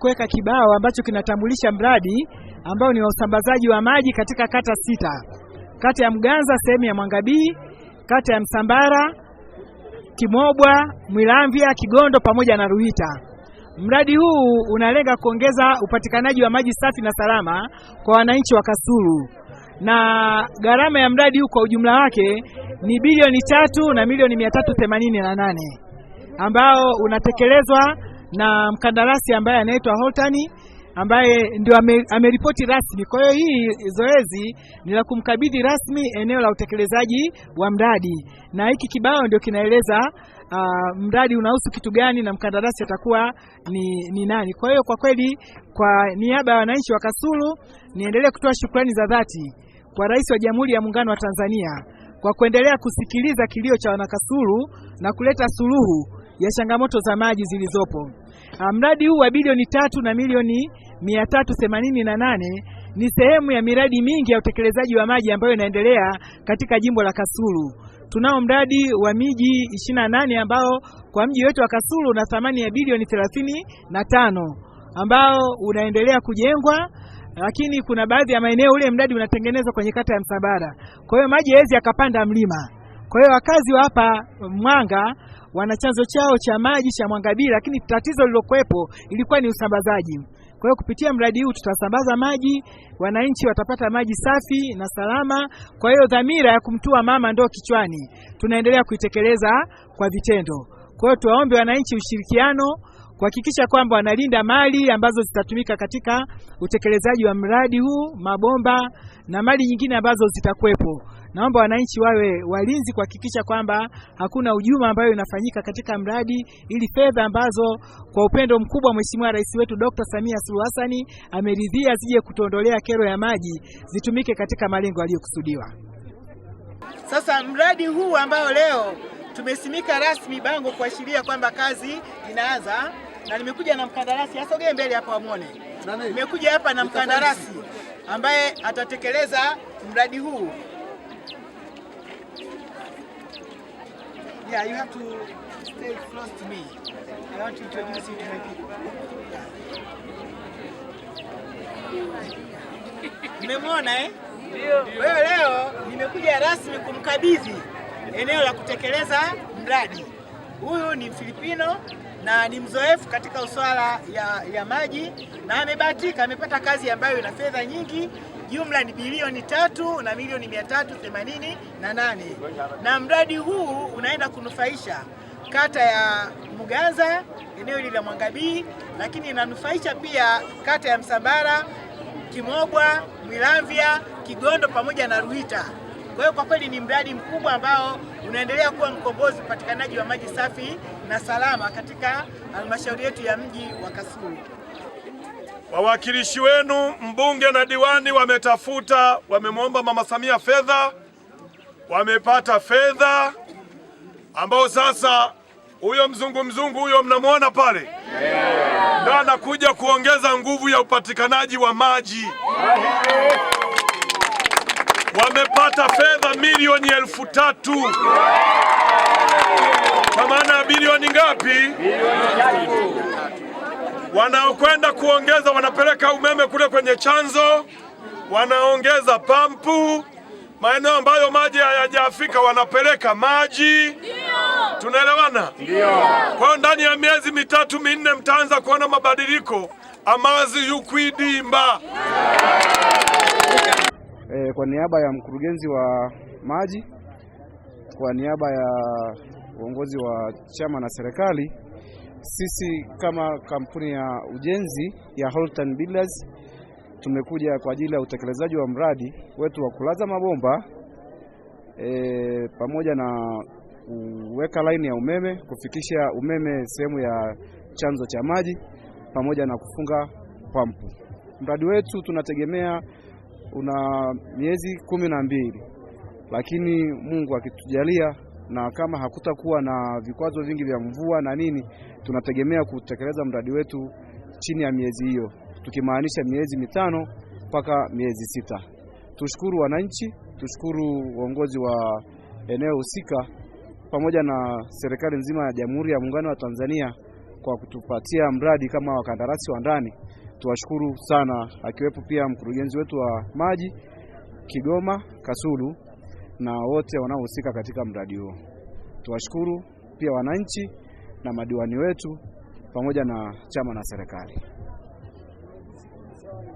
kuweka kibao ambacho kinatambulisha mradi ambao ni wa usambazaji wa maji katika kata sita, kata ya Mganza sehemu ya Mwangabii, kata ya Msambara, Kimobwa, Mwilamvya, Kigondo pamoja na Ruhita. Mradi huu unalenga kuongeza upatikanaji wa maji safi na salama kwa wananchi wa Kasulu, na gharama ya mradi huu kwa ujumla wake ni bilioni tatu na milioni mia tatu themanini na nane ambao unatekelezwa na mkandarasi ambaye anaitwa Holtani ambaye ndio ameripoti ame rasmi. Kwa hiyo hii zoezi ni la kumkabidhi rasmi eneo la utekelezaji wa mradi, na hiki kibao ndio kinaeleza uh, mradi unahusu kitu gani na mkandarasi atakuwa ni, ni nani. Kwa hiyo kwa kweli, kwa niaba ya wananchi wa Kasulu, niendelee kutoa shukrani za dhati kwa Rais wa Jamhuri ya Muungano wa Tanzania kwa kuendelea kusikiliza kilio cha Wanakasulu na kuleta suluhu ya changamoto za maji zilizopo. Ah, mradi huu wa bilioni tatu na milioni mia tatu themanini na nane ni sehemu ya miradi mingi ya utekelezaji wa maji ambayo inaendelea katika jimbo la Kasulu. Tunao mradi wa miji 28 ambao kwa mji wetu wa Kasulu una thamani ya bilioni thelathini na tano ambao unaendelea kujengwa lakini kuna baadhi ya maeneo ule mradi unatengenezwa kwenye kata ya Msabara. Kwa hiyo maji hawezi yakapanda mlima. Kwa hiyo wakazi wa hapa Mwanga wana chanzo chao cha maji cha Mwangabila, lakini tatizo lilokuwepo ilikuwa ni usambazaji. Kwa hiyo kupitia mradi huu tutasambaza maji, wananchi watapata maji safi na salama. Kwa hiyo dhamira ya kumtua mama ndoo kichwani tunaendelea kuitekeleza kwa vitendo. Kwa hiyo tuwaombe wananchi ushirikiano kuhakikisha kwamba wanalinda mali ambazo zitatumika katika utekelezaji wa mradi huu, mabomba na mali nyingine ambazo zitakuwepo. Naomba wananchi wawe walinzi kuhakikisha kwamba hakuna hujuma ambayo inafanyika katika mradi, ili fedha ambazo kwa upendo mkubwa Mheshimiwa Rais wetu Dr. Samia Suluhu Hassan ameridhia zije kutuondolea kero ya maji zitumike katika malengo yaliyokusudiwa. Sasa mradi huu ambao leo tumesimika rasmi bango kuashiria kwamba kazi inaanza na nimekuja na mkandarasi, asogee mbele hapa wamwone. Nimekuja hapa na mkandarasi ambaye atatekeleza mradi huu. Yeah, you have to stay close to me. I want to introduce you to my people. Mmemwona eh? Wewe leo nimekuja rasmi kumkabidhi eneo la kutekeleza mradi. Huyu ni Mfilipino na ni mzoefu katika uswala ya, ya maji na amebahatika, amepata kazi ambayo ina fedha nyingi. Jumla ni bilioni tatu na milioni mia tatu themanini na nane na mradi huu unaenda kunufaisha kata ya Muganza eneo hili la Mwangabii, lakini inanufaisha pia kata ya Msambara, Kimogwa, Mwilamvya, Kigondo pamoja na Ruhita. Kwa hiyo kwa kweli ni mradi mkubwa ambao unaendelea kuwa mkombozi upatikanaji wa maji safi na salama katika halmashauri yetu ya mji wa Kasulu. Wawakilishi wenu mbunge na diwani wametafuta, wamemwomba Mama Samia fedha, wamepata fedha ambao sasa huyo mzungu mzungu huyo mnamwona pale yeah. Ndio anakuja kuongeza nguvu ya upatikanaji wa maji yeah wamepata fedha milioni elfu tatu kwa maana ya bilioni ngapi? Wanaokwenda kuongeza wanapeleka umeme kule kwenye chanzo, wanaongeza pampu maeneo ambayo maji hayajafika wanapeleka maji. Tunaelewana? Kwa hiyo ndani ya miezi mitatu minne mtaanza kuona mabadiliko. Amazi yukwidimba e, kwa niaba ya mkurugenzi wa maji, kwa niaba ya uongozi wa chama na serikali, sisi kama kampuni ya ujenzi ya Holton Builders tumekuja kwa ajili ya utekelezaji wa mradi wetu wa kulaza mabomba e, pamoja na kuweka laini ya umeme, kufikisha umeme sehemu ya chanzo cha maji pamoja na kufunga pampu. Mradi wetu tunategemea una miezi kumi na mbili, lakini Mungu akitujalia na kama hakutakuwa na vikwazo vingi vya mvua na nini, tunategemea kutekeleza mradi wetu chini ya miezi hiyo, tukimaanisha miezi mitano mpaka miezi sita. Tushukuru wananchi, tushukuru uongozi wa eneo husika pamoja na serikali nzima ya Jamhuri ya Muungano wa Tanzania kwa kutupatia mradi kama wakandarasi wa ndani, tuwashukuru sana, akiwepo pia mkurugenzi wetu wa maji Kigoma Kasulu na wote wanaohusika katika mradi huo. Tuwashukuru pia wananchi na madiwani wetu pamoja na chama na serikali.